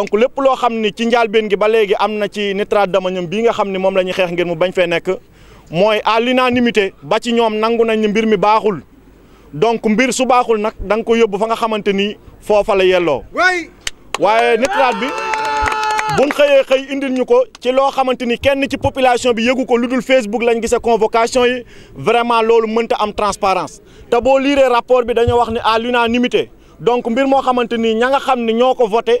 donc lépp loo xam ni ci njaalbeen gi ba léegi am na ci nitrate d'ammonium bii nga xam ni moom la xeex ngir mu bañ fee nekk mooy à l'unanimité ba ci ñoom nangu nañ ni mbir mi baaxul donc mbir su baaxul nag danga ko yóbbu fa nga xamante ni foofa la yelloo waaye nitrate bi buñ xëyee xëy indil ñu ko ci loo xamante ni kenn ci population bi yëgu ko lu dul Facebook lañ gisee convocation yi vraiment loolu mënta am transparence te boo liiree rapport bi dañoo wax ni à l'unanimité donc mbir moo xamante ni ña nga xam ni ñoo ko voté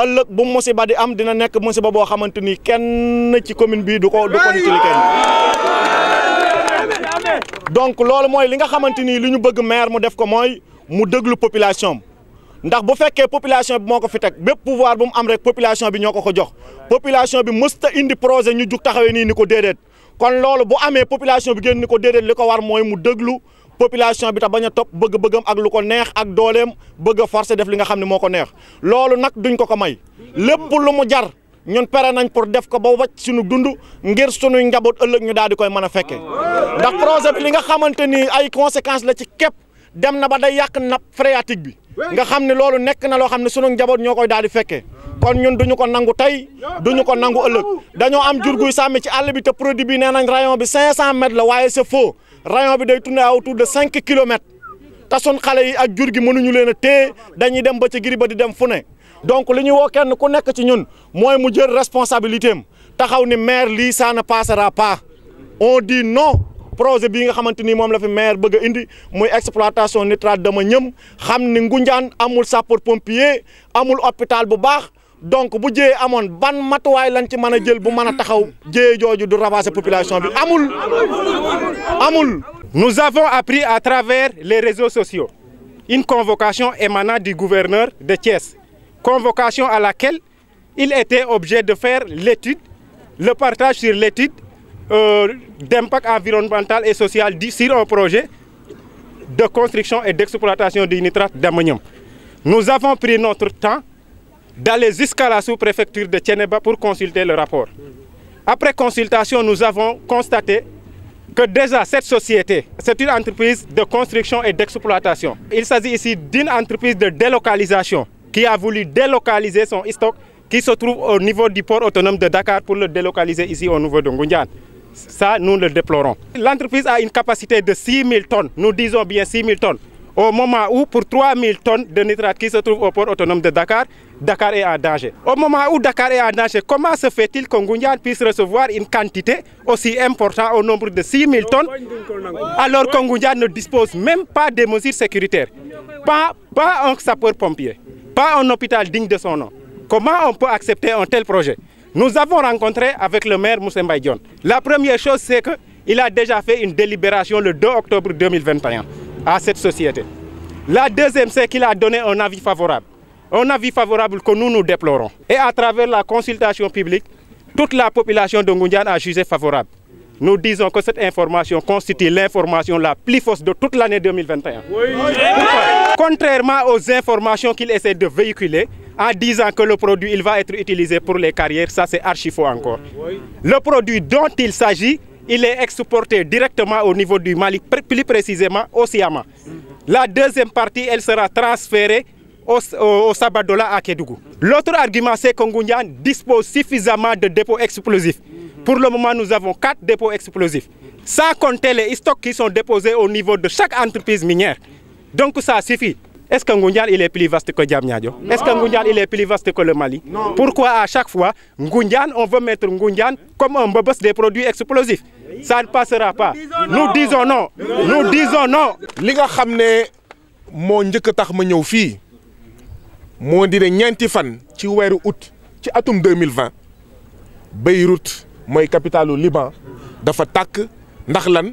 ëlëk bu musiba di am dina nek musiba bo xamanteni kenn ci commune bi du ko du ko nittali kenn donc lool moy li nga xamanteni li ñu bëgg maire mu def ko moy mu population ndax bu fekke population bi moko fi tek bép pouvoir bu mu am rek population bi ñoko ko jox population bi musta indi projet ñu juk taxawé ni ko dédét kon loolu bu amé population bi génn ni ko déedéet war moy mu population bi ta baña top bëgg-bëggam ak lu ko neex ak dolem bëgg forcer def li nga xamni moko neex loolu nak duñ ko ko may lepp lu mu jar ñun paré nañ pour def ko ba wacc suñu dundu ngir suñu njabot ëlëk ñu daal di koy mëna a ndax projet bi li nga xamanteni ay conséquences la ci képp dem na ba day yak nappe phréatique bi nga xamni loolu nekk na lo xamni suñu njabot ñokoy kon ñun duñu ko nangu tay duñu ko nangu ëlëk dañoo am jurguy sammi ci all bi te produit bi nenañ rayon bi 500 mètres la c'est faux rayon bi day tourner autour de cinq kilomètres tason son xale yi ak jur gi mënuñu leena té dañuy dem ba ci giri di dem fune donc li ñu woo kenn ku nekk ci ñun moy mu jël responsabilité am taxaw ni maire li ça ne passera pas on dit non projet bi nga xamanteni mom la fi maire bëgg indi moy exploitation nitrate dama ñëm xam ni amul sapeur pompier amul hôpital bu baax donc ban nous avons appris à travers les réseaux sociaux une convocation émanant du gouverneur de Thiès convocation à laquelle il était obligé de faire l'étude le partage sur l'étude euh, d'impact environnemental et social sur un projet de construction et d'exploitation du nitrate d'ammonium nous avons pris notre temps d'aller jusqu'à la sous-préfecture de Tchénéba pour consulter le rapport. Après consultation, nous avons constaté que déjà cette société, c'est une entreprise de construction et d'exploitation. Il s'agit ici d'une entreprise de délocalisation qui a voulu délocaliser son stock qui se trouve au niveau du port autonome de Dakar pour le délocaliser ici au nouveau de Ça, nous le déplorons. L'entreprise a une capacité de 6 000 tonnes, nous disons bien 6 000 tonnes au moment où, pour 3000 tonnes de nitrate qui se trouvent au port autonome de Dakar, Dakar est en danger. Au moment où Dakar est en danger, comment se fait-il qu'on puisse recevoir une quantité aussi importante au nombre de 6000 tonnes, alors qu'on ne dispose même pas des mesures sécuritaires Pas, pas un sapeur-pompier, pas un hôpital digne de son nom. Comment on peut accepter un tel projet Nous avons rencontré avec le maire Moussa La première chose, c'est qu'il a déjà fait une délibération le 2 octobre 2021 à cette société. La deuxième, c'est qu'il a donné un avis favorable. Un avis favorable que nous nous déplorons. Et à travers la consultation publique, toute la population de Ngundian a jugé favorable. Nous disons que cette information constitue l'information la plus fausse de toute l'année 2021. Contrairement aux informations qu'il essaie de véhiculer, en disant que le produit il va être utilisé pour les carrières, ça c'est archi faux encore. Le produit dont il s'agit, il est exporté directement au niveau du Mali, plus précisément au Siama. La deuxième partie, elle sera transférée au, Sabadola à Kédougou. L'autre argument, c'est qu'Ongounian dispose suffisamment de dépôts explosifs. Pour le moment, nous avons quatre dépôts explosifs, sans compter les stocks qui sont déposés au niveau de chaque entreprise minière. Donc ça suffit. Est-ce que Ngundial il est plus vaste que Diamniadio Est-ce que Ngundial il est plus vaste que le Mali Pourquoi à chaque fois Ngundial, on veut mettre Ngundial comme un bobos des produits explosifs Ça ne passera pas. Nous disons non. Nous disons non. Li nga xamné mo ñëk tax ma ñëw fi mo di ñenti fan ci wéru août ci atum 2020 Beyrouth capitale du Liban dafa tak ndax lan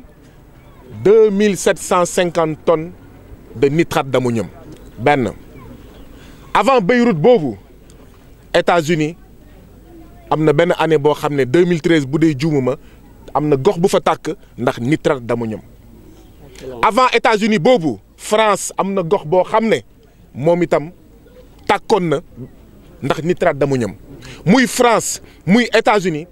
2750 tonnes de nitrate d'ammonium benn avant Beyrouth boobu États-Unis am na benn année boo xam ne 2013 bu dee juumuma am na gox bu fa tàkk ndax nitrate d'ammonium avant États-Unis boobu France am na gox boo xam ne moom itam tàkkoon na ndax nitrate d'ammonium muy France muy États-Unis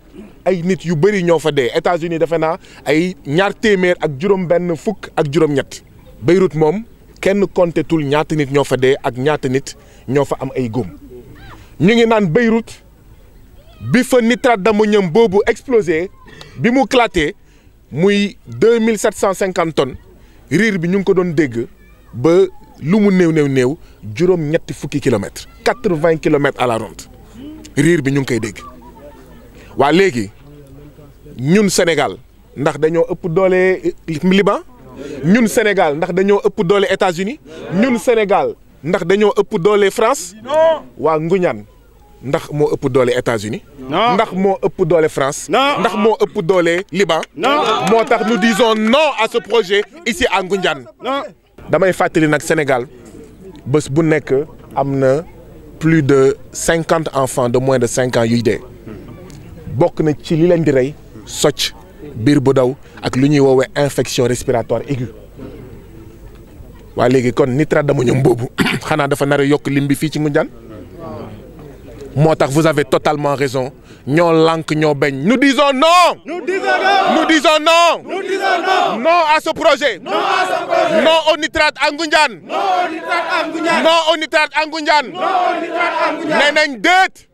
ay nit yu bëri ñoo fa dee États-Unis defe naa ay ñaar téeméer ak juróom benn fukk ak juróom-ñett Beyrouth moom kenn compté tul ñaat nit fa ak ñaat nit am ay Nous ngi nan Beyrouth bi fa nitrate d'ammonium bobu explosé bi mu éclaté muy 2750 tonnes Rire bi ñu ko don dégg ba lu mu néw néw kilomètres à la ronde bi ñu Sénégal Liban ñun Sénégal ndax dañoo ëpp les États-Unis ñun Sénégal ndax dañoo ëpp les France waa Nguñaan ndax mo ëpp les États-Unis ndax mo ëpp doole France ndax mo ëpp doole Liban moo nous disons non à ce projet ici à Ngoundiane damay fatali nak Sénégal bëss bu nekk amna plus de 50 enfants de moins de 5 ans yuy dé. bokk na ci li leen di rey socc bir bu daw ak lu ñuy infection respiratoire aiguë wa légui kon nitrate d'ammonium boobu xanaa dafa nar a yokk lim bi fii ci mundial motax vous avez totalement raison ñoo lank ñoo bañ nous disons non. nous disons non nous disons non. nous disons non non à ce projet. non à ce projet non au nitrate à non au nitrate à non au nitrate à Ngoundiane. non au nitrate à Ngoundiane. nee nañ